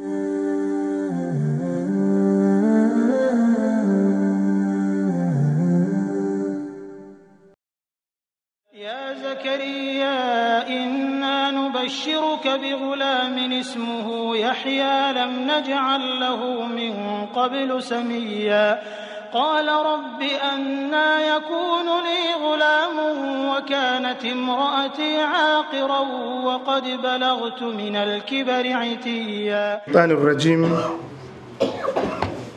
يا زكريا إنا نبشرك بغلام اسمه يحيى لم نجعل له من قبل سميا قال رب أنا يكون لي غلام وكانت امرأتي عاقرا وقد بلغت من الكبر عتيا الشيطان الرجيم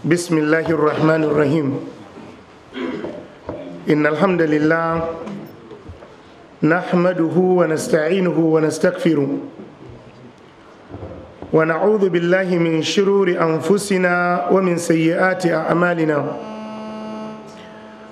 بسم الله الرحمن الرحيم إن الحمد لله نحمده ونستعينه ونستغفره ونعوذ بالله من شرور أنفسنا ومن سيئات أعمالنا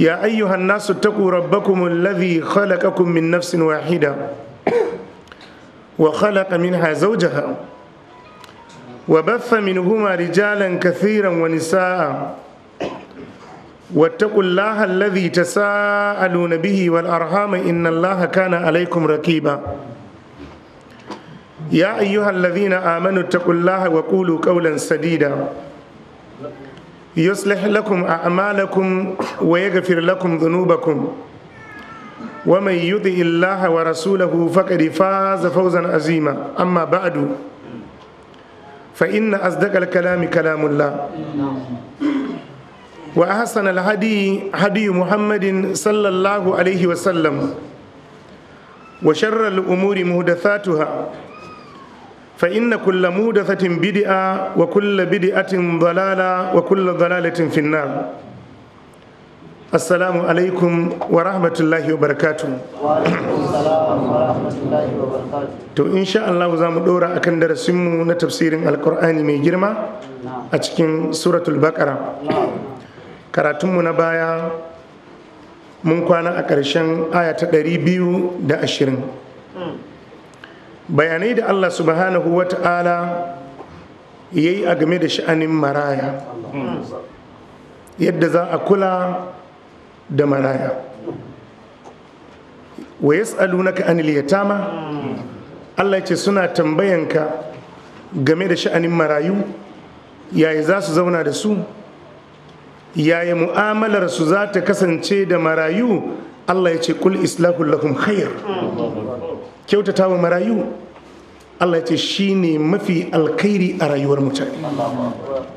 يا أيها الناس اتقوا ربكم الذي خلقكم من نفس واحدة وخلق منها زوجها وبث منهما رجالا كثيرا ونساء واتقوا الله الذي تساءلون به والأرحام إن الله كان عليكم ركيبا يا أيها الذين آمنوا اتقوا الله وقولوا قولا سديدا يصلح لكم أعمالكم ويغفر لكم ذنوبكم ومن يطع الله ورسوله فقد فاز فوزا عظيما أما بعد فإن أصدق الكلام كلام الله وأحسن الهدي هدي محمد صلى الله عليه وسلم وشر الأمور مهدثاتها فإن كل مودثة بدعة وكل بدعة ضلالة وكل ضلالة في النار السلام عليكم ورحمة الله وبركاته to insha Allah za mu kan darasin mu na tafsirin alkur'ani mai girma a cikin suratul baqara karatunmu na baya mun kwana a ƙarshen aya ta ashirin. bayanai da Allah subhanahu wa ta'ala ya yi a game da sha'anin maraya yadda za a kula da maraya wa ka anil yatama Allah ce suna tambayanka game da sha'anin marayu yaya za su zauna da su yaya mu'amalar su za ta kasance da marayu Allah ya ce kul islahu lahum khair kyautata wa marayu Allah ce shi ne mafi alkhairi a rayuwar mutane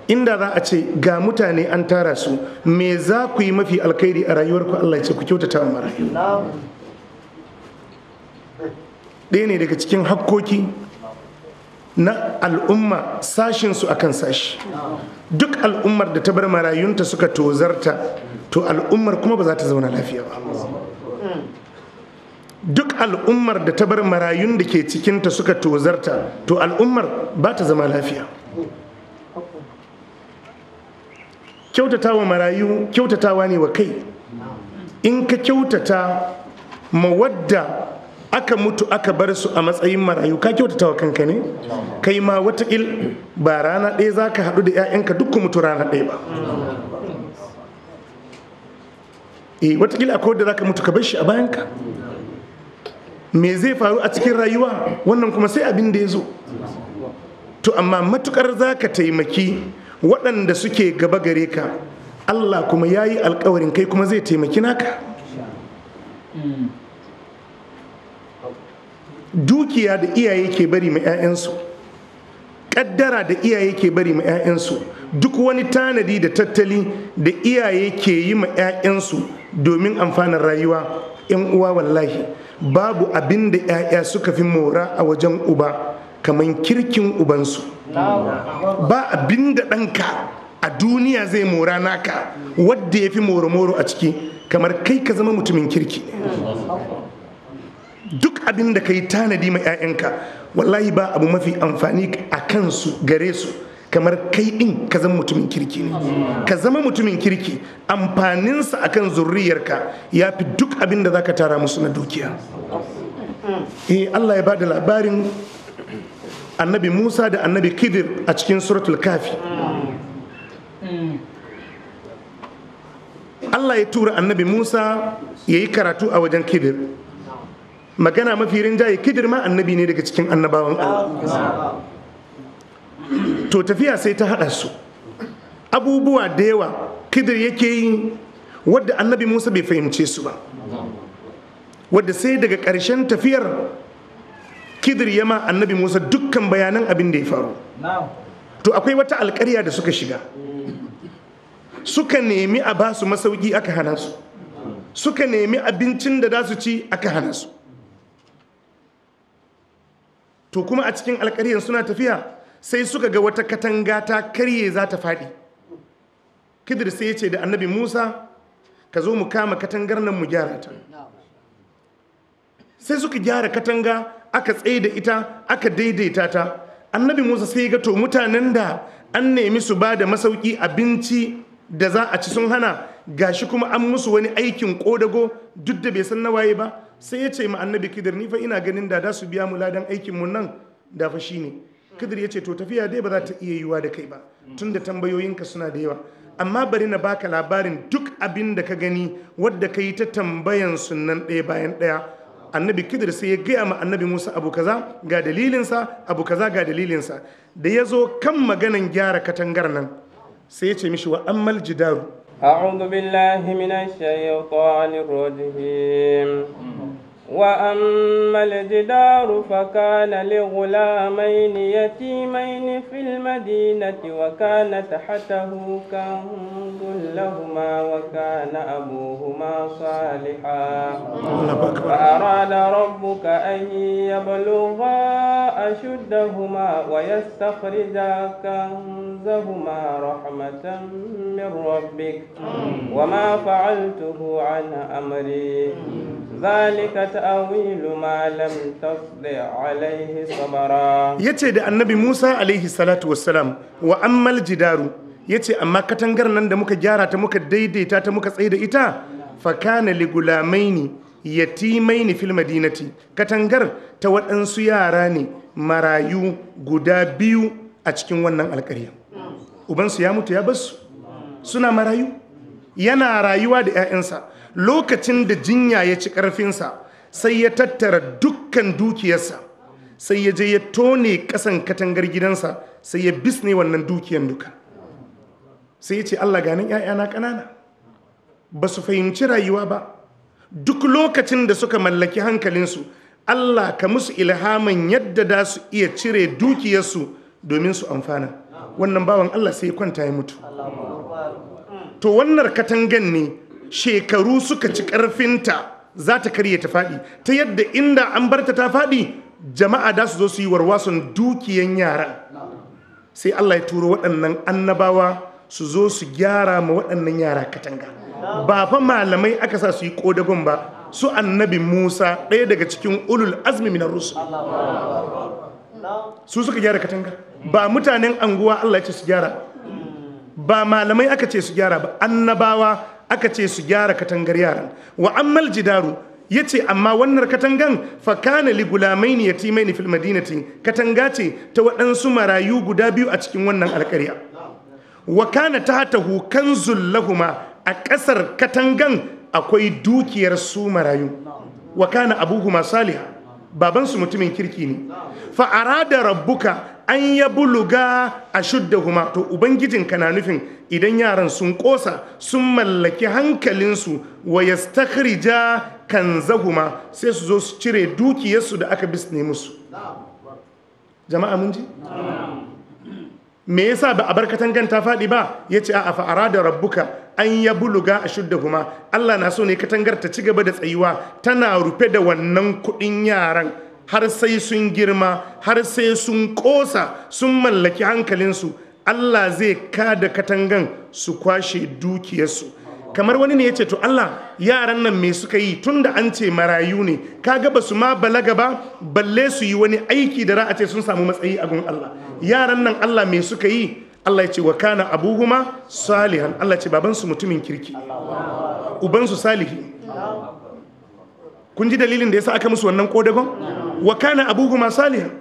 inda za a ce ga mutane an tara su me za ku yi mafi alkhairi a rayuwarku Allah ce ku kyautata wa marayu ɗaya ne daga cikin hakkoki na al'umma sashinsu kan sashi duk al'ummar da ta bar marayunta suka tozarta to al'ummar kuma ba za ta zauna lafiya ba duk al'ummar da ta bar marayun da ke cikinta suka tozarta to al'ummar ba ta zama lafiya kyautatawa marayu kyautatawa ne wa kai in ka kyautata ma wadda aka mutu aka bar su a matsayin marayu ka kyautatawa kanka ne kai ma watakil ba rana ɗaya za ka haɗu da 'ya'yanka duk mutu rana ɗaya ba eh, wataƙila akwai wadda za ka mutu ka bar shi a bayanka me zai faru a cikin rayuwa wannan kuma sai abin da ya zo to amma matukar za ka taimaki waɗanda suke gaba gare ka allah kuma ya yi alkawarin kai kuma zai taimaki naka dukiya da iyaye ke bari ma 'ya'yansu ƙaddara da iyaye ke bari ma 'ya'yansu duk wani tanadi da tattali da iyaye ke yi ma 'ya'yansu domin amfanin rayuwa yan uwa wallahi babu abin da 'ya'ya suka fi mora a wajen uba kamar kirkin ubansu ba abin da ɗanka a duniya zai mora naka wadda ya fi moro-moro a ciki kamar kai ka zama mutumin kirki duk abin da ka yi tanadi ma 'ya'yanka wallahi ba abu mafi amfani a kansu gare su kamar kai din ka zama mutumin kirki ne ka zama mutumin kirki amfaninsa akan zurriyarka ya fi duk abin da zaka tara musu na dukiya eh Allah ya bada labarin annabi Musa da annabi Khidir a cikin suratul kafi Allah ya tura annabi Musa ya yi karatu a wajen Khidir magana mafi rinjaye Khidir ma annabi ne daga cikin annabawan Allah to tafiya sai ta haɗa su abubuwa da yawa kidir yake yi wadda annabi musa bai fahimce su ba wadda sai daga ƙarshen tafiyar kidir ya ma annabi musa dukkan bayanan abin da ya faru to akwai wata alkariya da suka shiga suka nemi a ba su masauki aka hana su suka nemi abincin da za su ci aka hana su to kuma a cikin alkariyar suna tafiya sai suka ga wata katanga ta karye za ta faɗi kidir sai ya ce da annabi musa ka zo mu kama katangar nan mu gyara ta sai suka gyara katanga aka tsaye da ita aka daidaita ta annabi musa sai ga to mutanen da an nemi su ba da masauki abinci da za a ci sun hana Ga shi kuma an musu wani aikin kodago duk da bai san na waye ba sai ya ce ma annabi kidir ni fa ina ganin da da su biya mu ladan aikin mu nan da fa ne. Kidir ya ce to tafiya dai ba za ta iya yiwuwa da kai ba tunda tambayoyinka suna da yawa amma bari na baka labarin duk abin da ka gani wadda ka yi ta tambayan sunan ɗaya bayan ɗaya annabi kidir sai ya gaya ma annabi musa abu kaza ga dalilinsa abu kaza ga dalilinsa da ya zo kan maganan gyara katangar nan sai ya ce mishi wa ammal jidaru أعوذ بالله من الشيطان الرجيم وأما الجدار فكان لغلامين يتيمين في المدينة وكان تحته كنز لهما وكان أبوهما صالحا فأراد ربك أن يبلغا أشدهما ويستخرجا كنزهما رحمة من ربك وما فعلته عن أمري ذلك تأويل ما لم عليه صبرا يتي da annabi Musa alaihi salatu wassalam wa ammal jidaru yace amma katangar nan da muka gyara ta muka daidaita ta muka tsaye da ita Fakana kana li gulamaini fil madinati katangar ta waɗansu yara ne marayu guda biyu a cikin wannan alƙarya ubansu ya mutu ya basu suna marayu yana rayuwa da 'ya'yansa lokacin da jinya ya ci ƙarfinsa sai ya tattara dukkan dukiyarsa sai ya je ya tone ƙasan katangar gidansa sai ya bisne wannan dukiyar duka sai ya ce allah ganin 'ya'yana ƙanana ba su fahimci rayuwa ba duk lokacin da suka mallaki hankalinsu allah ka musu ilhamin yadda da su iya cire dukiyarsu domin su amfana wannan bawan allah sai ya kwanta ya mutu to wannan katangan ne shekaru suka ci ƙarfinta za ta karye ta faɗi ta yadda inda an barta ta faɗi jama'a da su zo su yi warwason dukiyan yara sai Allah ya turo waɗannan annabawa su zo su gyara ma waɗannan yara katanga ba fa malamai aka sa su yi kodagon ba su annabi Musa ɗaya daga cikin ulul azmi minar rusu su suka gyara katanga ba mutanen anguwa Allah ya ce su gyara ba malamai aka ce su gyara ba annabawa aka ce su gyara katangar yaran wa ammal jidaru ya ce amma wannan katangan fakana li gulamai ne filmadinati katanga ce ta waɗansu marayu guda biyu a cikin wannan alƙarya wa kana ta hata hukan zullahuma a ƙasar katangan akwai dukiyar su marayu wa kana abuhuma saliha babansu mutumin kirki ne fa'ara da rabbuka an ya buluga a shudda kuma to ubangijinka na nufin idan yaran sun kosa sun mallaki hankalinsu wa ya kan zahuma sai su zo su cire dukiyarsu da aka bisne musu jama'a mun ji me yasa ba a barkatan ganta ta faɗi ba ce a fa'ara da rabbuka an ya buluga a shudda kuma Allah na so ne katangar ta ci gaba da tsayuwa tana rufe da wannan kuɗin yaran har sai sun girma har sai sun ƙosa sun mallaki hankalinsu Allah zai kada katangan su kwashe dukiyarsu kamar wani ne ya ce to Allah yaran nan me suka yi tun da an ce marayu ne kaga ba su ma balaga ba balle su yi wani aiki da ra'a ce sun samu matsayi a gun Allah yaran nan Allah me suka yi Allah ya ce wa kana abuhuma salihan Allah ya ce babansu mutumin kirki ubansu salihi kun ji dalilin da yasa aka musu wannan kodagon wa kana abuhuma salihan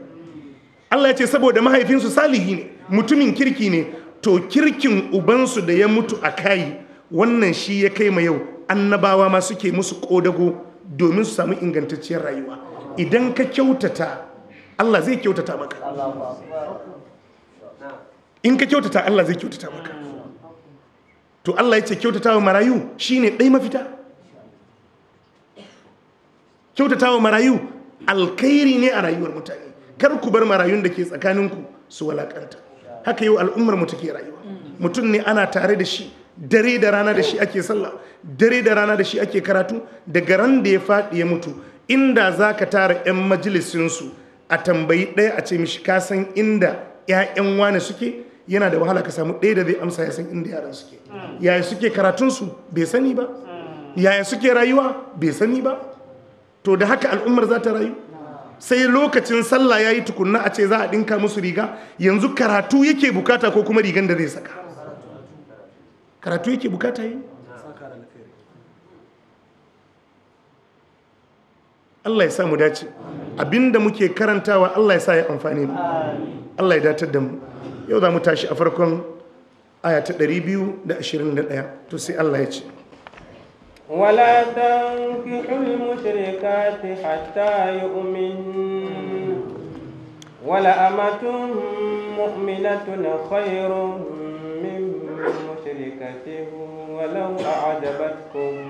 Allah ya ce saboda mahaifinsu salihi ne mutumin kirki ne to kirkin ubansu da ya mutu a kai wannan shi ya kai ma yau annabawa ma suke musu kodago domin su samu ingantacciyar rayuwa idan ka kyautata Allah zai kyautata maka in ka kyautata Allah zai kyautata maka to Allah ya ce kyautatawa marayu shine ɗai mafita kyautatawa marayu alkhairi ne a rayuwar mutane kar ku bar marayun da ke tsakaninku su walakanta haka yau al'ummar mu take rayuwa mutum ne ana tare da shi dare da rana da shi ake sallah dare da rana da shi ake karatu daga ran da ya faɗi ya mutu inda za ka tara 'yan majalisinsu a tambayi ɗaya a ce mishi kasan inda 'ya'yan wane suke yana da wahala ka samu ɗaya da zai amsa ya san inda yaran suke mm. yaya suke karatunsu bai sani ba mm. yaya suke rayuwa bai sani ba to da haka al'ummar za ta rayu mm. sai lokacin sallah ya yi tukunna a ce za a ɗinka musu riga yanzu karatu yake bukata ko kuma rigan da zai saka karatu yake bukata yi Allah ya sa mu dace abinda muke karantawa Allah ya sa ya amfani mu Allah ya datar da mu yau za mu tashi a farkon ayata 221 to sai Allah ya ce wala don kihul shirka ta hatta yi umin wala amatun mu'minatun khairun min mushirika ti walau a ajabatkun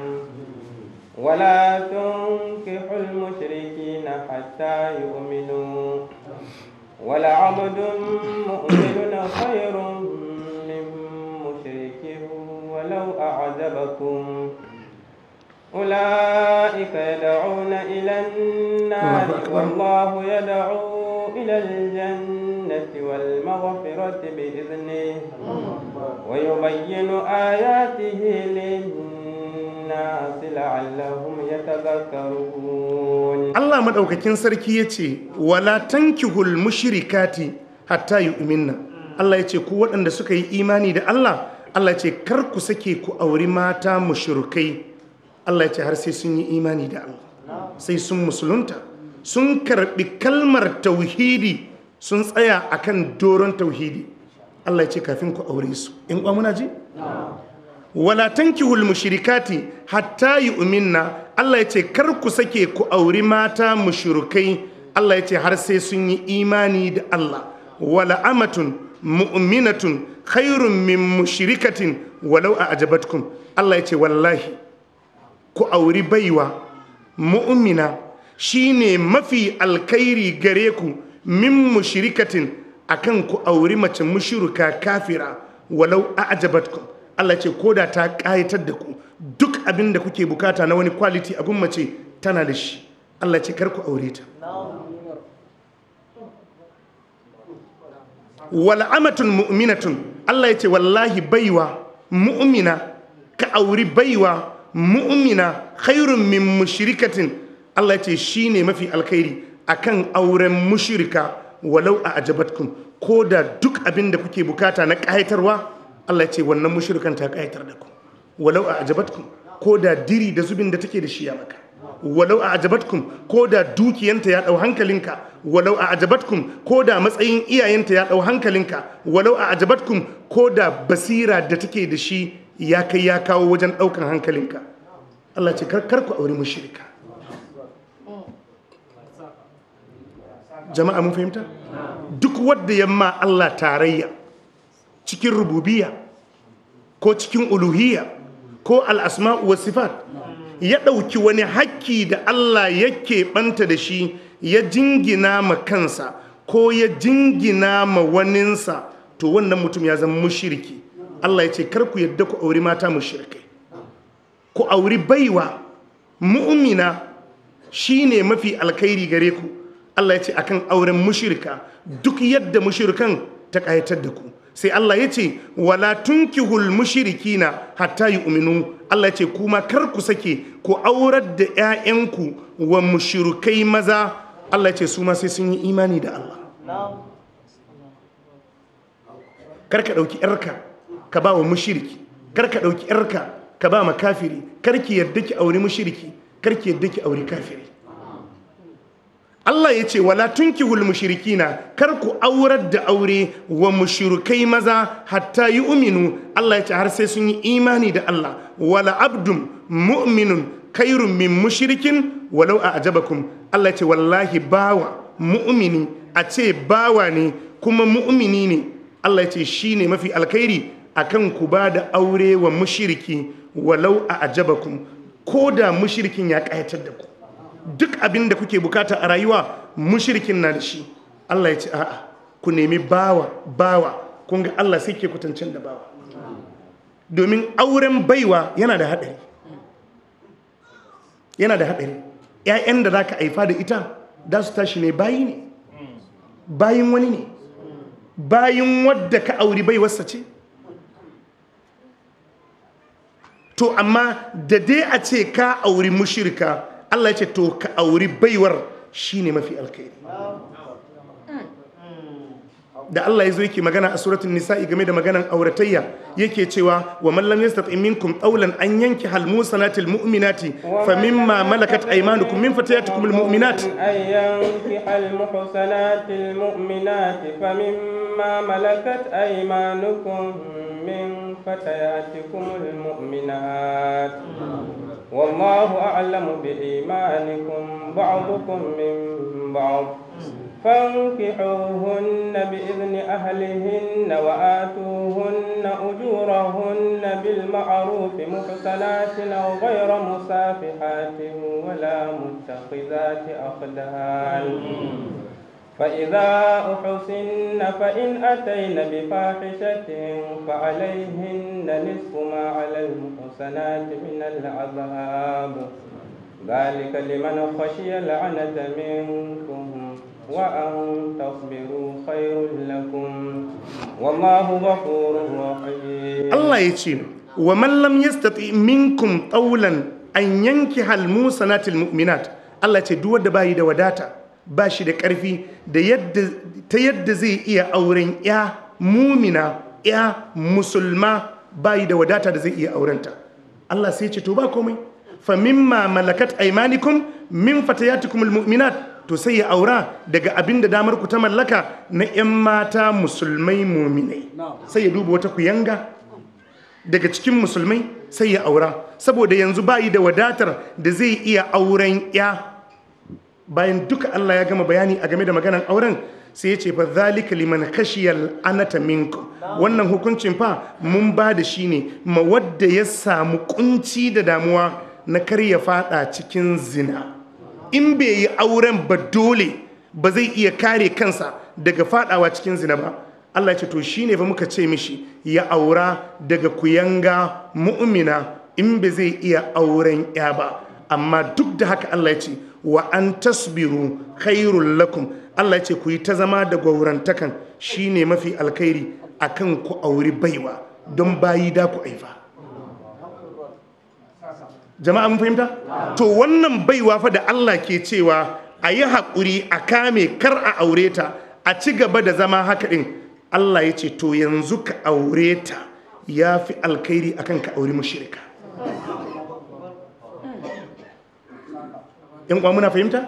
wala don kihul mushirika na hatta yi uminu ولعبد مؤمن خير من مشرك ولو أعذبكم أولئك يدعون إلى النار والله يدعو إلى الجنة والمغفرة بإذنه ويبين آياته للناس allah لعلهم sarki الله wala tanki يتي mushrikati hatta المشركات حتى allah ya ce ku waɗanda suka yi imani da Allah Allah ya ce kar ku sake ku auri mata mushrikai Allah ya ce har sai sun yi imani da Allah sai sun musulunta sun karɓi kalmar tauhidi sun tsaya akan doron tauhidi Allah ya ce kafin ku aure su in kwa muna ji wala tankihul mushrikati hatta yu'minna Allah ya ce kar ku sake ku auri mata mushrikai Allah ya ce har sai sun yi imani da Allah wala amatun mu'minatun khairun min mushrikatin walau a ajabatkum Allah ya ce wallahi ku auri baiwa mu'mina shine mafi alkhairi gare ku min mushrikatin akan ku auri mace mushruka kafira walau a ajabatkum Allah ce koda ta ƙayatar da ku duk abin da kuke bukata na wani quality abin mace tana da shi Allah ce kar aure ta wal'amatun mu'minatun Allah ya ce wallahi baiwa mu'mina ka auri baiwa mu'mina khairun min mushrikatin Allah ya ce shine mafi alkhairi akan auren mushrika walau a ajabatkum ko da duk abin da kuke bukata na ƙayatarwa Allah ce wannan mushrikan ta kayatar da ku walau a ajabatkum ko da diri da zubin da take da shi ya maka walau a ajabatkum ko da dukiyanta ya dau hankalinka walau a ajabatkum ko da matsayin iyayenta ya dau hankalinka walau a ajabatkum ko da basira da take da shi ya kai ya kawo wajen daukan hankalinka Allah ce kar ku aure mushrika jama'a mun fahimta duk wanda yamma Allah tarayya cikin rububiya ko cikin uluhiya ko al'asma'u wa sifat ya ɗauki wani haƙƙi da Allah yake ɓanta da shi ya jingina ma kansa ko ya jingina ma waninsa to wannan mutum ya zama mushiriki Allah ya ce kar ku yadda ku auri mata mushirikai ku auri baiwa mu'mina shine mafi alkhairi gare ku Allah ya ce akan auren mushirika duk yadda mushirikan ta ƙayatar da ku sai Allah ya ce wala tunkihul mushrikina hatta yu'minu Allah ya ce kuma kar ku sake ku aurar da 'ya'yanku wa mushrikai maza Allah ya ce su ma sai sun yi imani da Allah kar ka dauki yarka ka ba wa mushriki kar ka dauki yarka ka ba ma kafiri kar ki yarda ki aure mushriki kar ki yarda ki aure kafiri Allah ya ce wala tunkihul mushrikina kar ku aurar da aure wa mushrikai maza hatta yu'minu Allah ya ce har sai sun yi imani da Allah wala abdum mu'minun kairun min mushrikin walau a'jabakum Allah ya ce wallahi bawa mu'mini a ce bawa ne kuma mu'mini ne Allah ya ce shine mafi alkhairi akan ku ba da aure wa mushriki walau a'jabakum ko da mushrikin ya ƙayatar da ku duk abin da kuke bukata a rayuwa mushirikin na da shi Allah ya ce a'a ku nemi bawa bawa kun ga Allah sai ke kutancin da bawa domin auren baiwa yana da haɗari yana da haɗari ‘ya'yan da za ka haifa da ita da su tashi ne bayi ne bayin wani ne bayin wadda ka auri baiwarsa ce to amma da dai a ce ka auri mushirka Allah ya ce to ka auri baiwar shine mafi alkhairi da Allah ya zo yake magana a suratul nisa'i game da maganan auratayya yake cewa wa man lam yastati minkum qawlan an yanki hal musanati mu'minati fa mimma malakat aymanukum min fatayatikum al mu'minat an yanki hal mu'minati fa mimma malakat aymanukum min al mu'minat والله أعلم بإيمانكم بعضكم من بعض فانكحوهن بإذن أهلهن وآتوهن أجورهن بالمعروف محسنات غير مسافحات ولا متخذات أخدان فإذا أحسن فإن أتين بفاحشة فعليهن نصف ما على المحسنات من العذاب ذلك لمن خشي العنة منكم وأن تصبروا خير لكم والله غفور رحيم الله يتشين ومن لم يستطيع منكم طولا أن ينكح المحسنات المؤمنات الله يتشين دوا دبايد وداتا ba shi da ƙarfi ta yadda zai iya auren ya mumina ya musulma bayi da wadata da zai iya aurenta Allah sai ce to ba komai fa mimma malakat aymanikum min fatayatikum almu'minat to sai ya aura daga abin da damar ku ta mallaka na yan mata musulmai muminai sai ya duba wata kuyanga daga cikin musulmai sai ya aura saboda yanzu bayi da wadatar da zai iya auren ya bayan duka Allah ya gama bayani a game da maganan auren sai ya ce fa zalika liman khashiyal anata minku. wannan hukuncin fa mun ba da shi ne ma wadda ya samu kunci da damuwa na karya fada cikin zina in bai yi auren ba dole ba zai iya kare kansa daga fadawa cikin zina ba Allah ya ce to shine fa muka ce mishi ya aura daga kuyanga mu'mina in bai zai iya auren ya ba amma duk da haka Allah ya ce wa an tasbiru khairul lakum Allah ya ce ku yi ta zama da gwaurantakan shine mafi alkhairi akan ku auri baiwa don bayi da ku aifa jama'a mun fahimta to wannan baiwa fa da Allah ke cewa a yi haƙuri a kame kar a aure ta a ci gaba da zama haka ɗin Allah ya ce to yanzu ka aure ta ya fi alkhairi akan ka auri mushrika Yan kwa muna fahimta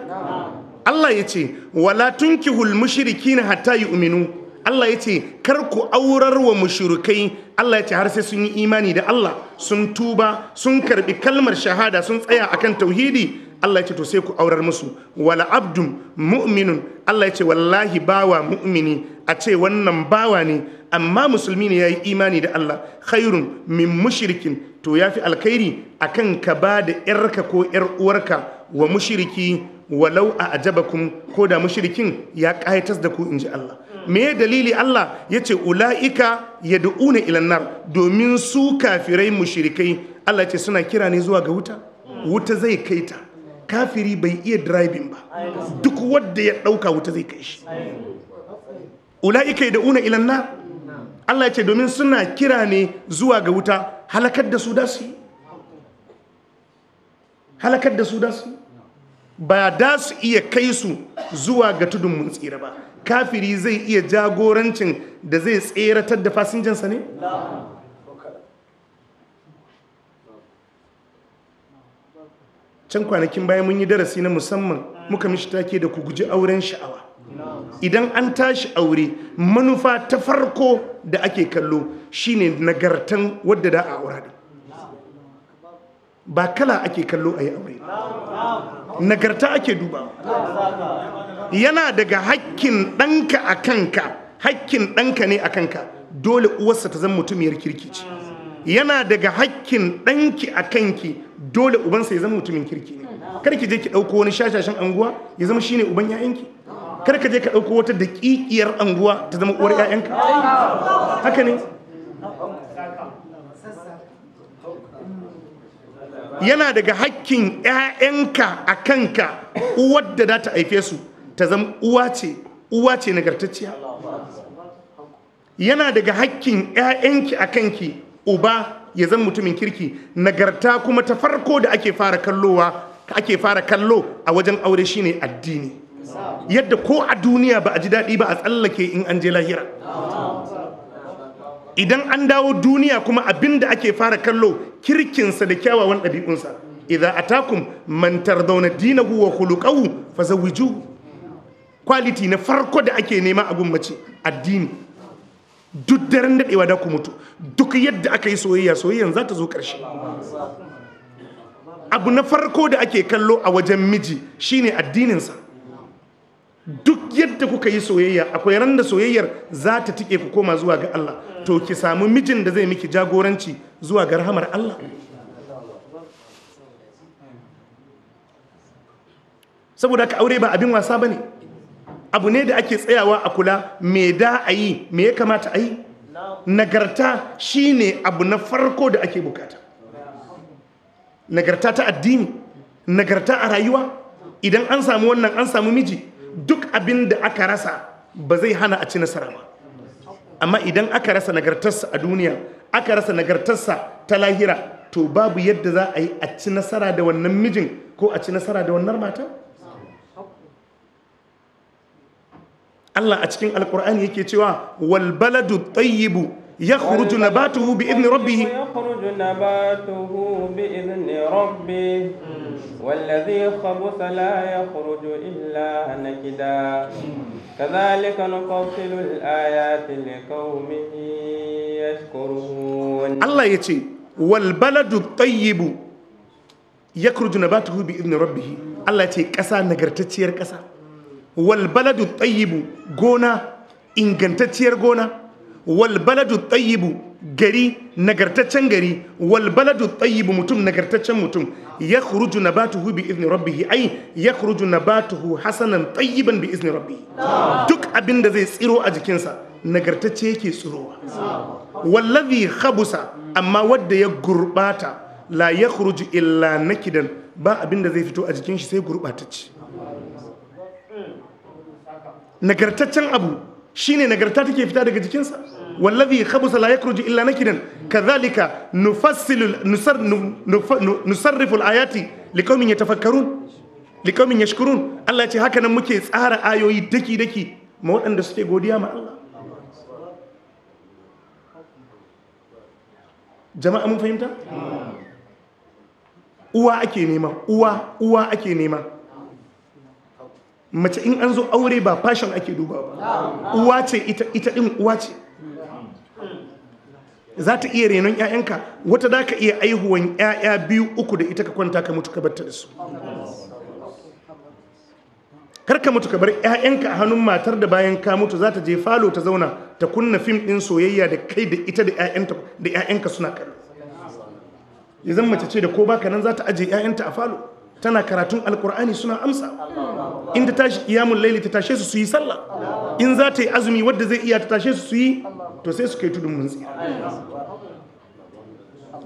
Allah ya ce wala tunkihul mushrikina hatta yu'minu Allah ya ce kar ku aurar wa mushrikai Allah ya ce har sai sun yi imani da Allah sun tuba sun karbi kalmar shahada sun tsaya akan tauhidi Allah ya ce to sai ku aurar musu wala abdun mu'minun Allah ya ce wallahi bawa mu'mini a ce wannan bawa ne amma musulmi ne ya yi imani da Allah khairun min mushrikin to ya fi alkhairi a kan ka ba da ‘yarka ko ‘yar uwarka wa mushiriki walau a ajabakun ko da mushirikin ya ƙayatas da ku in ji Allah me dalili Allah ya ce ula'ika ya da'una ilannar domin su kafirai mushirikai Allah ce suna kira ne zuwa ga wuta wuta zai kai ta kafiri bai iya driving ba duk wadda ya ɗauka wuta zai kai shi ula'ika da una ilanna Allah yace domin suna kira ne zuwa ga wuta halakar da su da halakar da su da ba da su iya kai su zuwa ga tudun mun tsira ba kafiri zai iya jagorancin da zai tseratar da fasinjansa ne? can kwanakin bayan mun yi darasi na musamman muka mishi take da ku guji auren sha'awa idan an tashi aure manufa ta farko da ake kallo shine nagartan wadda da a aura ba kala ake kallo a yi aure nagarta ake duba. yana daga hakkin ɗanka a kanka hakkin ɗanka ne a kanka dole uwarsa ta zama mutumiyar kirki ce yana daga hakkin ɗanki a kanki dole ubansa ya zama mutumin kirki ne kar ki je ki ɗauko wani shashashen anguwa ya zama shine uban 'ya'yanki kar ka je ka ɗauko wata daƙiƙiyar anguwa ta zama uwar 'ya'yanka haka ne yana daga hakkin 'ya'yanka a kanka uwar da za ta haife su ta zama uwa ce uwa ce nagartacciya yana daga hakkin 'ya'yanki a kanki uba ya zama mutumin kirki nagarta kuma ta farko da ake fara kallowa ake fara kallo a wajen aure shine addini yadda ko a duniya ba a ji daɗi ba a tsallake in an je lahira idan an dawo duniya kuma abin da ake fara kallo kirkinsa da kyawawan ɗabi'unsa idan takun mantar zaune dinahu wa hulukahu fa zawiju kwaliti na farko da ake nema a gummace addini duk daren daɗewa da ku mutu duk yadda aka yi soyayya soyayyan za ta zo ƙarshe abu na farko da ake kallo a wajen miji shine addininsa duk yadda kuka yi soyayya akwai randa soyayyar za ta tike ku koma zuwa ga Allah to ki samu mijin da zai miki jagoranci zuwa ga rahamar Allah saboda ka aure ba abin wasa ba ne? abu ne da ake tsayawa a kula me da ayi me ya kamata a yi nagarta shine abu na farko da ake bukata nagarta ta addini nagarta a rayuwa idan an samu wannan an samu miji duk abin da aka rasa ba zai hana a ci nasara ba amma idan aka rasa nagartarsa a duniya aka rasa nagartarsa ta lahira to babu yadda za a yi a ci nasara da wannan mijin ko a ci nasara da wannan matan Allah a cikin alkur'ani yake cewa wal baladu tayyibu ya nabatuhu bi idni rabbih nabatuhu bi idni rabbih والذي خبث لا يخرج إلا نكدا كذلك نفصل الآيات لقوم يشكرون الله يتي والبلد الطيب يخرج نباته بإذن ربه الله يتي كسا نغرتتير كسا والبلد الطيب غونا ingantacciyar gona walbaladu tsayibu gari nagartaccen gari walbaladu tsayibu mutum nagartaccen mutum ya kuruju na batuhu bi izini rabbihi ai ya kuruju na batuhu hasanan tayyiban bi izini rabbihi duk abin da zai tsiro a jikinsa nagartacce yake tsirowa wallazi habusa amma wadda ya gurbata la ya kuruju illa nakidan ba abin da zai fito a jikin shi sai gurbatacce nagartaccen abu shine nagarta take fita daga jikinsa والذي خبص لا يخرج illa nakidan كذلك نفصل نصر nusarrifu alayati liqaumin yatafakkarun liqaumin yashkurun Allah ya ce nan muke tsara ayoyi daki daki ma waɗanda suke godiya ma Allah jama'a mun fahimta uwa ake nema uwa uwa ake nema mace in an zo aure ba fashion ake duba ba uwa ce ita ita din uwa ce za ta iya renon 'ya'yanka wata da ka iya aihuwan 'ya'ya biyu uku da ita ka kwanta ka mutu ka ta da su karka mutu ka bar 'ya'yanka a hannun matar da bayan ka mutu za ta je falo ta zauna ta kunna fim ɗin soyayya da kai da ita da 'ya'yanka suna kallo ya zan mace ce da ko baka nan za ta aje 'ya'yanta a falo tana karatun alkur'ani suna amsa in ta tashi iyamun laili ta tashe su su yi sallah in za ta yi azumi wadda zai iya ta tashe su su yi to sai suka yi tudun mun tsaye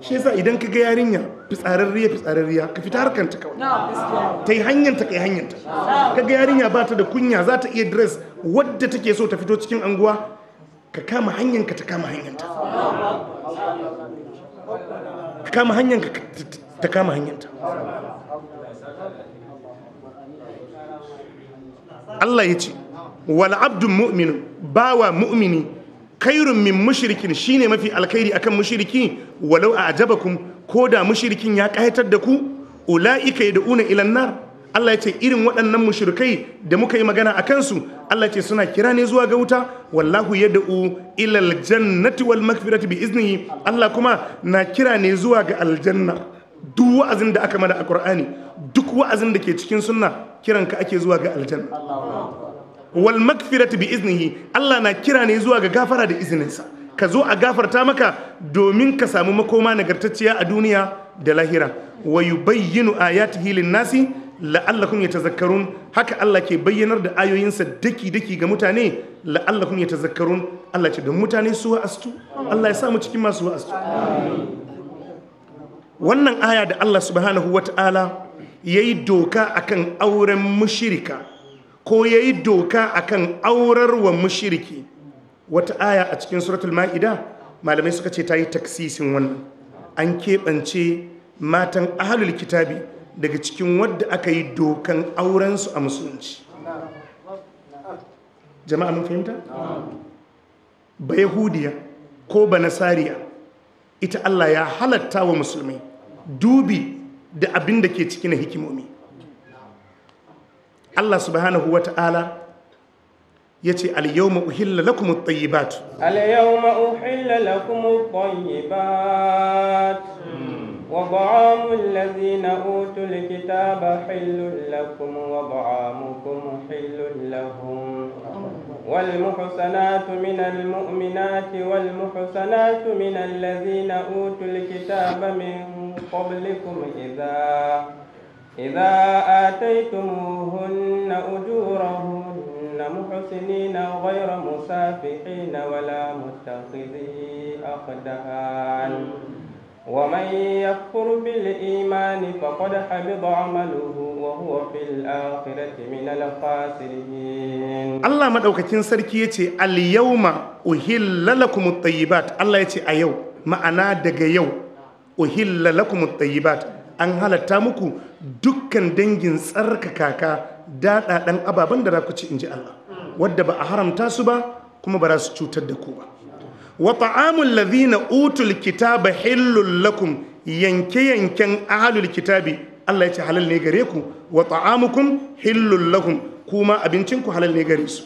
shi yasa idan ka ga yarinya fitsararriya fitsararriya ka fita harkar ta kawai ta yi hanyar ta kai hanyar ta ka ga yarinya ba ta da kunya za ta iya dress wadda take so ta fito cikin anguwa ka kama hanyar ka ta kama hanyar ta ka kama hanyar ka ta kama hanyar ta Allah ya ce wal abdu mu'minu bawa mu'mini khairun min mushrikin shine mafi alkhairi akan mushriki walau a a'jabakum ko da mushrikin ya kayatar da ku ulaika yad'una ila nar Allah ya ce irin waɗannan mushrikai da muka yi magana a kansu Allah ya ce suna kira ne zuwa ga wuta wallahu yad'u ila aljannati wal maghfirati bi iznihi Allah kuma na kira ne zuwa ga aljanna duk wa'azin da aka mana a Kur'ani duk wa'azin da ke cikin sunna kiranka ake zuwa ga aljanna wal bi iznihi Allah na kira ne zuwa ga gafara da izininsa ka zo a gafarta maka domin ka samu makoma nagartacciya a duniya da lahira wa yubayyinu ayatihi lin-nasi la'allakum yatazakkarun haka Allah ke bayyanar da ayoyinsa daki-daki ga mutane la'allakum yatazakkarun Allah ce don mutane su wa'astu Allah ya samu cikin masu wa'astu wannan aya da Allah subhanahu wata'ala yayi doka akan auren mushrika ko ya yi doka a kan wa mushiriki wata aya a cikin suratul ma'ida malamai suka ce ta yi taksisin wannan an keɓance matan ahalul kitabi daga cikin wadda aka yi dokan aurensu a musulunci jama'a mun fahimta? ba yahudiya ko ba nasariya ita Allah ya halatta wa musulmai dubi da abin da ke cikin hikimomi Allah subhanahu wa ta'ala ya ce al kuma uhilla lakum at-tayyibat al-yawma kuma lakum at-tayyibat hmm. wa ta'amu alladhina utul ba hillun lakum wa ta'amukum hillun lahum والمحصنات من المؤمنات والمحصنات من الذين أوتوا الكتاب من قبلكم إذا إذا آتيتموهن أجورهن محسنين غير مسافحين ولا متخذي أخدان ومن يكفر بالإيمان فقد حبط عمله وهو في الآخرة من الخاسرين الله مدوكتين سركيتي اليوم أهل لكم الطيبات الله يتي أيو معنا دقيو أهل لكم الطيبات an halatta muku dukkan dangin daɗa daɗaɗan ababen da za ku ci in ji Allah wadda ba a haramta su ba kuma ba za su cutar da ku ba wa ta'amul ladhina utul kitaba hillul lakum yanke yanken ahlul kitabi Allah ya ce halal ne gare ku wa ta'amukum hillul lakum kuma abincin ku halal ne gare su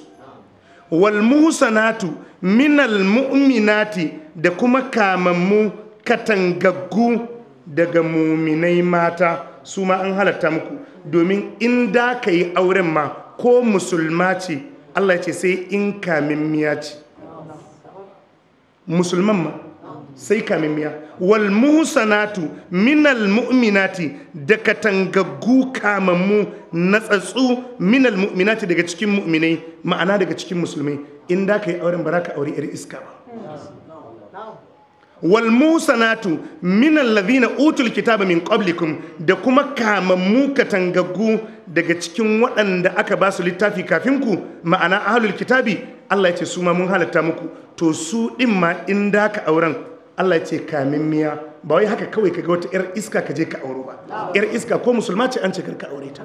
wal musanatu minal mu'minati da kuma kamammu katangaggu daga muminai mata su ma an halatta muku domin in da ka yi auren ma ko musulma ce Allah ce sai in kamimmiya ce musulman ma sai kamimmiya wal muhsanatu minal mu'minati da katangaggu kamammu na tsatsu minal mu'minati daga cikin mu'minai ma'ana daga cikin musulmai in da ka yi auren ba ka aure iri iska ba walmusanatu musanatu min allazina utul kitaba min qablikum da kuma kamammu katangaggu daga cikin waɗanda aka ba su littafi kafin ku ma'ana ahlul kitabi Allah ya ce su ma mun halatta muku to su din ma in da ka auren Allah ya ce kamin miya ba wai haka kawai kaga wata yar iska ka je ka auro ba yar iska ko musulma ce an ce ka aure ta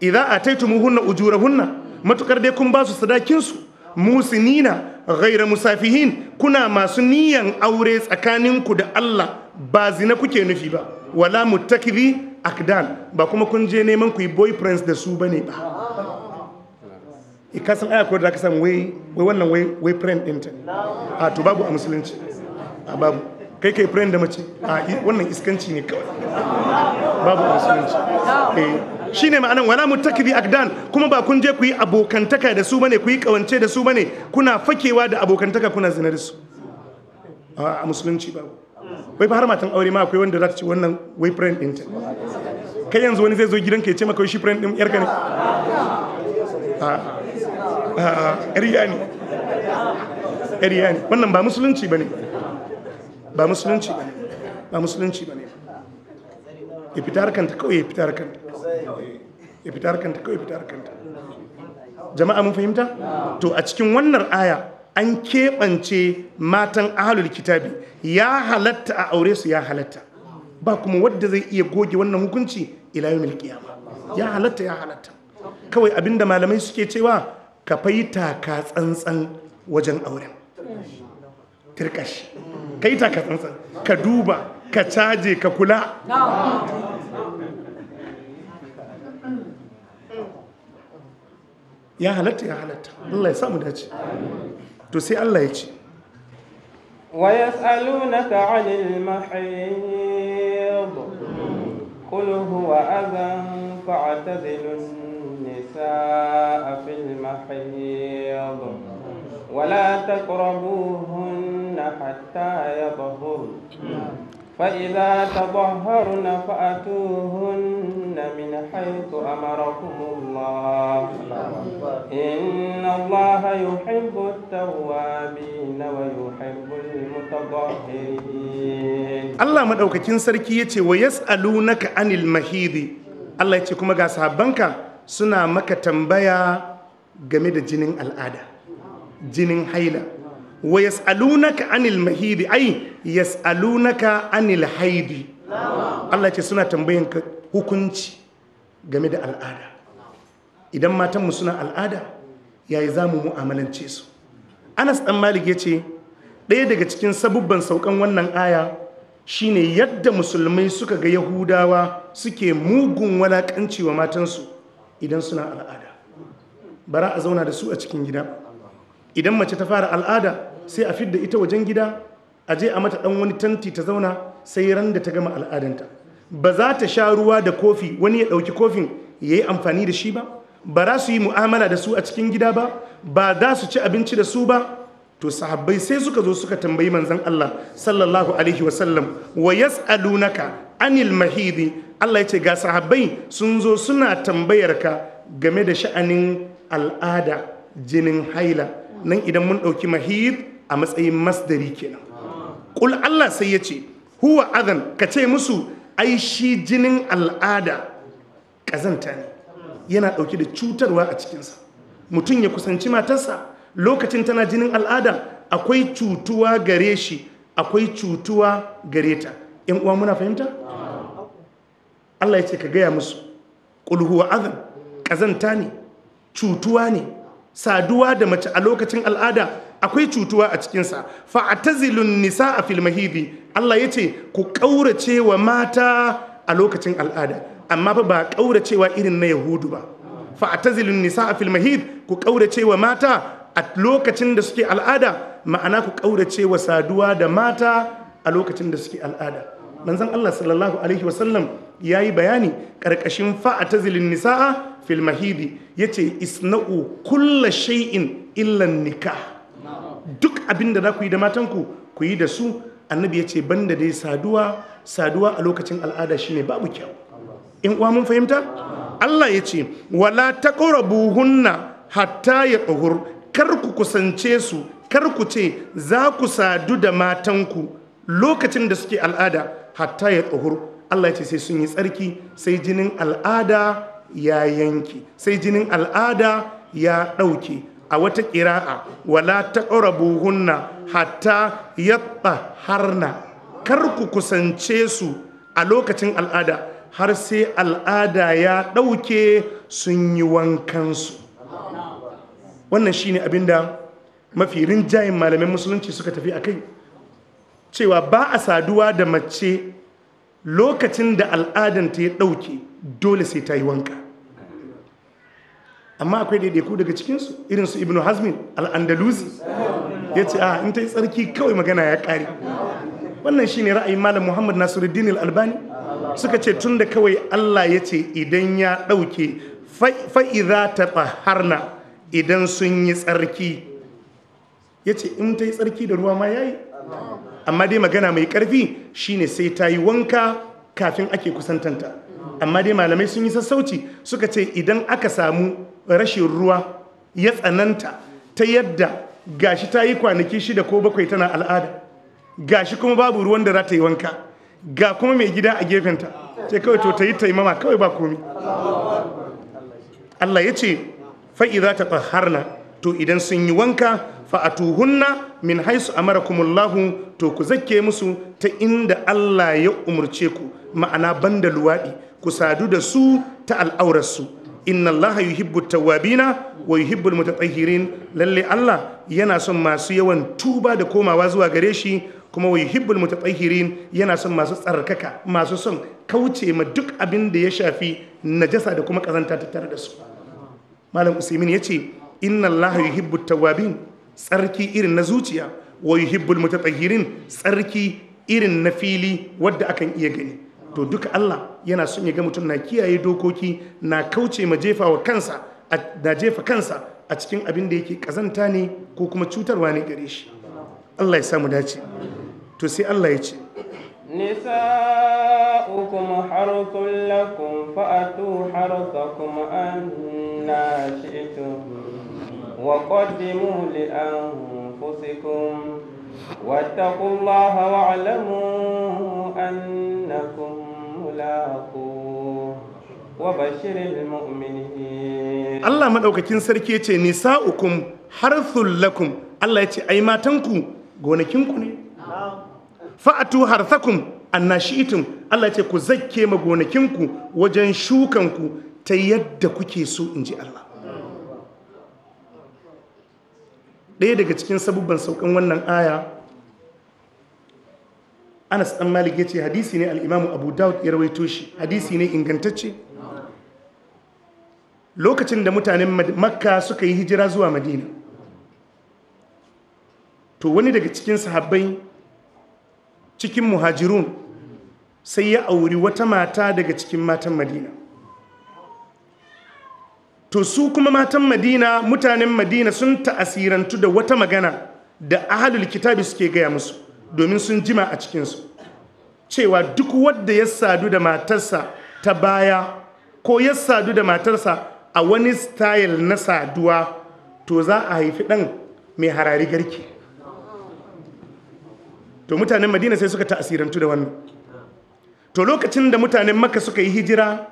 idza ataytumuhunna ujurahunna matukar dai kun ba su sadakin su musinina ghaira musafihin kuna masu niyan aure tsakaninku da Allah ba zina kuke nufi ba wala takiri akdan ba kuma kun je neman ku yi boyfriends da su bane ba ikasan e, aya ko da ka san wai wai wannan wai wai friend din ta a to babu a musulunci a babu kai kai friend da mace a wannan iskanci ne kawai babu a musulunci eh shine ma'anan wala muttakibi akdan kuma ba kun je ku yi abokantaka da su bane ku yi kawance da su bane kuna fakewa da abokantaka kuna zina da su a musulunci ba wai fa har matan aure ma akwai wanda za ta ci wannan wai friend din ta kai yanzu wani zai zo ka ya ce maka shi friend din yarka ne a ƙarya ne ƙarya ne wannan ba musulunci bane ba musulunci bane ba musulunci bane ya fitar kanta kawai ya kanta, ya fitar kanta kawai ya kanta. jama'a mun fahimta to a cikin wannan aya an keɓance matan ahalul kitabi ya halatta a aure su ya halatta ba kuma wadda zai iya goge wannan hukunci ila yau ya halatta ya halatta kawai abinda malamai suke cewa ka faita taka tsantsan wajen auren tirkashi ka yi ka duba ka caje ka kula ya halatta ya halatta Allah ya samu dace to sai Allah ya ce ويسألونك عن المحيض قل هو أذى فاعتزلوا النساء في المحيض ولا تقربوهن Fa'iza ta ɓarau na fa'adunna min Allah yiuxin bauta waɗanda nawa yiuxin kullum ta ɓarayin. Allah Sarki yace "wayes Ali naka Anil Mahidu?" Allah yace "Kuma ga sabanka suna maka tambaya game da jinin al'ada jinin haila." wa yas'alunaka anil mahidi ai yas'alunaka anil haidi Allah ce suna tambayin ka hukunci game da al'ada idan matan mu suna al'ada yayi zamu mu'amalance su Anas dan Malik yace daya daga cikin sabubban saukan wannan aya shine yadda musulmai suka ga yahudawa suke mugun walakanci wa matansu idan suna al'ada bara a zauna da su a cikin gida idan mace ta fara al'ada sai a fidda ita wajen gida a je a mata dan wani tanti ta zauna sai ran da ta gama al'adanta ba za ta sha ruwa da kofi wani ya ɗauki kofin ya yi amfani da shi ba ba za su yi mu'amala da su a cikin gida ba ba za su ci abinci da su ba to sahabbai sai suka zo suka tambayi manzan Allah sallallahu alaihi wa sallam. wa yas'alunaka anil mahid Allah ya ce ga sahabbai sun zo suna tambayar ka game da sha'anin al'ada jinin haila nan idan mun ɗauki mahid a matsayin masdari kenan kul Allah sai ya ce huwa adhan ka ce musu ai shi jinin al'ada kazanta ne yana dauke da cutarwa a cikinsa mutum ya kusanci matarsa lokacin tana jinin al'ada akwai cutuwa gare shi akwai cutuwa gare ta yan uwa muna fahimta Allah ya ce ka gaya musu qul huwa adhan kazanta ne cutuwa ne saduwa da mace a lokacin al'ada akwai cutuwa a cikinsa fa'atazilun nisa a filmahidi Allah ya ce ku ƙaurace wa mata a lokacin al'ada amma fa ba wa irin na yahudu ba fa'atazilun nisa a filmahid ku ƙaurace wa mata a lokacin da suke al'ada ma'ana ku ƙaurace wa saduwa da mata a lokacin da suke al'ada manzon Allah sallallahu alaihi wasallam ya yi bayani ƙarƙashin fa'atazilun nisa'a filmahidi ya ce isna'u kulla shay'in illan nikah duk abin da za ku yi da matanku ku yi da su annabi ya ce banda dai saduwa saduwa a lokacin al'ada shine babu kyau in uwa mun fahimta Allah ya ce wala buhunna hatta ya ɗuhur kar ku kusance su kar ku ce za ku sadu da matanku lokacin da suke al'ada hatta ya tsohur Allah ya ce sai sun yi tsarki sai jinin al'ada ya yanke, sai jinin al'ada ya ɗauke a wata ƙira'a wala ta buhunna, hatta harna. kar ku kusance su a lokacin al'ada har sai al'ada ya ɗauke sun yi wankansu wannan shi shine abinda mafi rinjayen malamin musulunci suka tafi a kai cewa ba a saduwa da mace lokacin da al'adanta ya ɗauke dole sai ta yi wanka amma akwai daidaiku daga cikinsu irinsu ibn hazmin al'andalusi ya ce a ah, in ta yi tsarki kawai magana ya ƙari wannan shi ne ra'ayin malam muhammad nasiruddin al'albani suka ce tun da kawai allah ya ce idan ya ɗauke fa'iza ta harna idan sun yi tsarki ya ce in ta yi tsarki da ruwa ma ya yi amma dai magana mai ƙarfi shine sai ta yi wanka kafin ake kusantanta amma dai malamai sun yi sassauci suka ce idan aka samu rashin ruwa ya tsananta ta yadda gashi ta yi kwanaki shida ko bakwai tana al'ada gashi kuma babu ruwan da za ta yi wanka ga kuma mai gida a gefenta ce kawai to ta yi taimama kawai ba komi Allah ya ce za ta tsaharna to idan sun yi wanka fa'atuhunna min haisu a mara amarakumullahu to ku zakke musu ta inda Allah ya umarce ku ma'ana banda luwaɗi ku sadu da su ta al'aurarsu inna Allah yuhibbu tawabina wa yuhibbul mutatahhirin lalle Allah yana son masu yawan tuba da komawa zuwa gare shi kuma wa yuhibbul mutatahhirin yana son masu tsarkaka masu son kauce ma duk abin da ya shafi najasa da kuma kazanta tare da su malam usaimin yace inna Allah yuhibbu tawabin tsarki irin na zuciya wa yuhibbul mutatahhirin tsarki irin na fili wadda akan iya gani to duka Allah yana son ya ga mutum na kiyaye dokoki na kauce ma kansa na jefa kansa a cikin abin da yake kazanta ne ko kuma cutarwa ne gare shi Allah ya samu dace to sai Allah ya ce nisa'ukum harthun lakum fa'atu harthakum anna shi'tum wa qaddimu li anfusikum wattaqullaha wa'lamu anna Allah maɗaukakin sarki ce ce ukun harthul lakum Allah ya ce yi matanku gonakinku ne fa'atu shi annashi'itum Allah ya ce ku zakke ma gonakinku wajen shukanku ta yadda kuke so in ji Allah ɗaya daga cikin sabubban saukan wannan aya anas dan malik ya hadisi ne al'imamu abu daud ya rawaito shi hadisi ne ingantacce lokacin da mutanen makka suka yi hijira zuwa madina to wani daga cikin sahabbai cikin muhajirun sai ya auri wata mata daga cikin matan madina to su kuma matan madina mutanen madina sun ta'asirantu da wata magana da ahalul kitabi suke gaya musu domin sun jima a cikinsu cewa duk wadda ya sadu da matarsa ta baya ko ya sadu da matarsa a wani style na saduwa to za a haifi ɗan mai harari garki to mutanen madina sai suka ta'asirantu da wannan to lokacin da mutanen maka suka yi hijira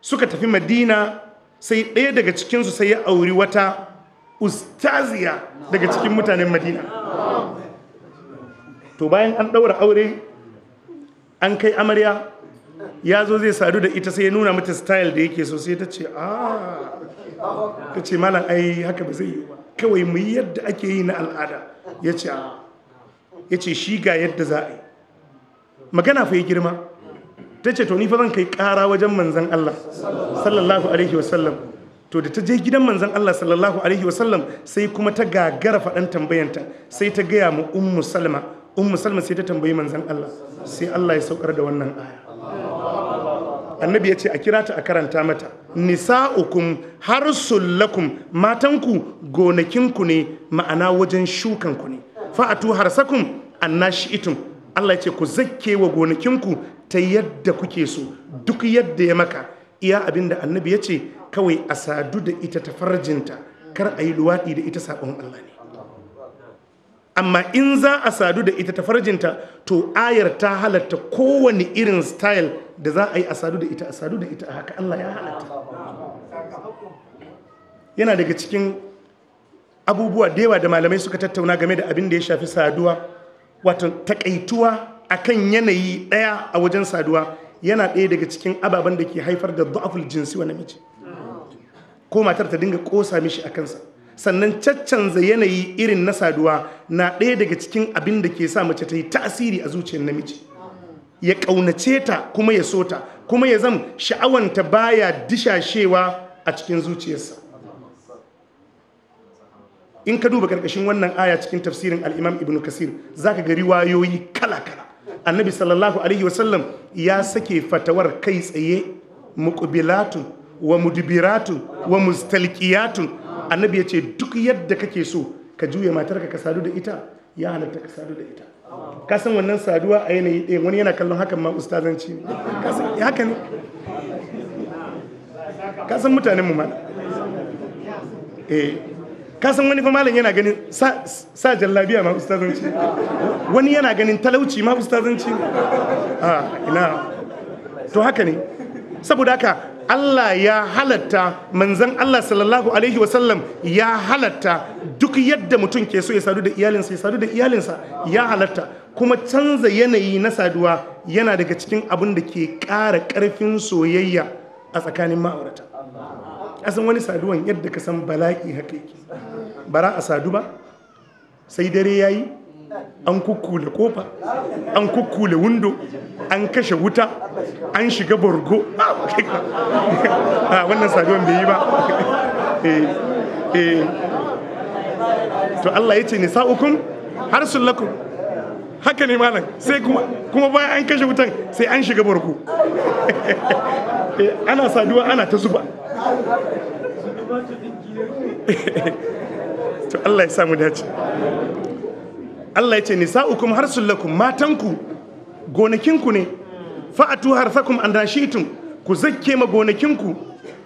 suka tafi madina sai ɗaya daga cikinsu sai ya auri wata ustaziya daga cikin mutanen madina to bayan an ɗaura aure an kai amarya ya zo zai sadu da ita sai ya nuna mata style da yake so sai ta ce a ah. ta ce malam ai haka ba zai yi ba kawai mu yi yadda ake yi na al'ada ya ce a ah. ya ce shi ga yadda za a yi magana fa yi girma ta ce to ni fa zan kai ƙara wajen manzan Allah sallallahu alaihi wasallam to da ta je gidan manzan Allah sallallahu alaihi wasallam sai kuma ta gagara faɗan tambayanta sai ta gaya mu ummu salma ummu salma sai ta tambayi manzan Allah sai Allah ya saukar da wannan aya annabi ya ce a kira ta a karanta mata Nisa ukun, harsul lakum matanku gonakinku ne ma'ana wajen shukanku ne fa'atu harsakum itun. Allah ya ce ku zakke wa gonakinku ta yadda kuke so duk yadda ya maka iya abinda annabi ya ce kawai a sadu da ita ta farjinta kar a yi luwaɗi da ita sabon Allah ne amma in za a sadu da ita ta farjinta to ayar ta halatta kowane irin style da za a yi a sadu da ita a sadu da ita a haka Allah ya halatta yana daga cikin abubuwa da yawa da malamai suka tattauna game da abin da ya shafi saduwa wato takaituwa akan yanayi daya a wajen saduwa yana ɗaya daga cikin ababen da ke haifar da du'aful jinsi wa namiji ko matar ta dinga kosa mishi a kansa sannan caccanza yanayi irin na saduwa na ɗaya daga cikin abin da ke sa mace ta yi tasiri a zuciyar namiji ya ƙaunace ta kuma ya so ta kuma ya zam sha'awanta baya dishashewa a cikin zuciyarsa in ka duba karkashin wannan aya cikin tafsirin al'imam ibn kasir za ka ga riwayoyi kala-kala annabi sallallahu alaihi wasallam ya sake fatawar kai tsaye muƙubilatun wa mudubiratun wa mustalkiyatun annabi ya ce duk yadda kake so ka juya matar ka sadu da ita ya halatta ka sadu da ita ka san wannan saduwa a yanayi ɗaya wani yana kallon hakan ma ustazanci haka ne ka san mutanen mu mana eh ka san wani fa malam yana ganin sa jallabiya ma ustazanci wani yana ganin talauci ma ustazanci a ah, ina to haka ne saboda haka Allah ya halatta manzan Allah sallallahu alaihi wasallam ya halatta duk yadda mutum ke so ya sadu da iyalinsa ya sadu da iyalinsa ya halatta kuma canza yanayi na saduwa yana daga cikin abin da ke ƙara ƙarfin soyayya a tsakanin ma'aurata san wani saduwan yadda ka san bala'i haƙiƙi bara a sadu ba sai dare ya yi. an kukkule kofa an kukkule windo an kashe wuta an shiga borgo a ah, wannan sabon bai yi ba eh, eh. to Allah ya ce ni sa'ukun har lakum haka ne malam sai kuma bayan an kashe wutan sai an shiga borgo eh, ana saduwa ana ta zuba to Allah ya samu dace Allah ya ce nisa'ukum harsul lakum matanku gonakinku ne fa'atu harsakum an rashitun ku zakke ma gonakinku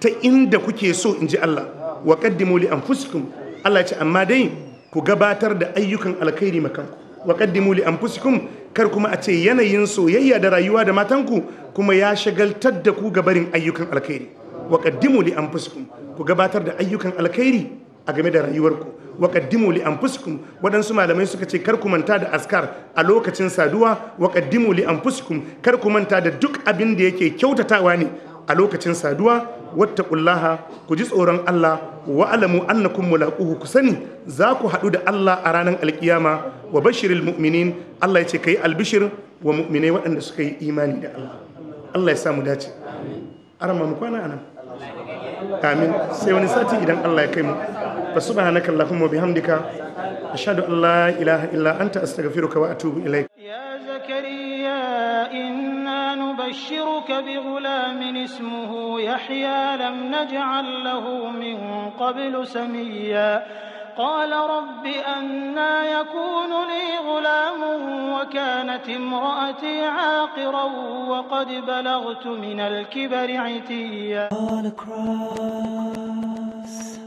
ta inda kuke so in ji Allah wa qaddimu an fuskun. Allah ya ce amma dai ku gabatar da ayyukan alkhairi makanku wa qaddimu an fuskun kar kuma a ce yanayin soyayya da rayuwa da matanku kuma ya shagaltar da ku gabarin ayyukan alkhairi wa qaddimu an fuskun ku gabatar da ayyukan alkhairi a game da rayuwarku wa qaddimu li anfusikum wadansu malamai suka ce kar ku manta da askar a lokacin saduwa wa qaddimu li anfusikum kar ku manta da duk abin da yake kyautatawa ne a lokacin saduwa wattaqullaha ku ji tsoron Allah wa alamu annakum mulaquhu ku sani za ku haɗu da Allah a ranar alkiyama wa bashiril mu'minin Allah ya ce kai albishir wa mu'minai waɗanda suka yi imani da Allah Allah ya samu dace arama mu kwana anan آمين سيوني ساتي إذا الله يكيمو فسبحانك اللهم وبحمدك أشهد أن لا إله إلا أنت أستغفرك وأتوب إليك يا زكريا إنا نبشرك بغلام اسمه يحيى لم نجعل له من قبل سمياً قال رب أنا يكون لي غلام وكانت امرأتي عاقرا وقد بلغت من الكبر عتيا All across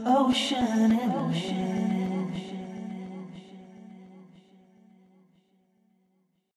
ocean and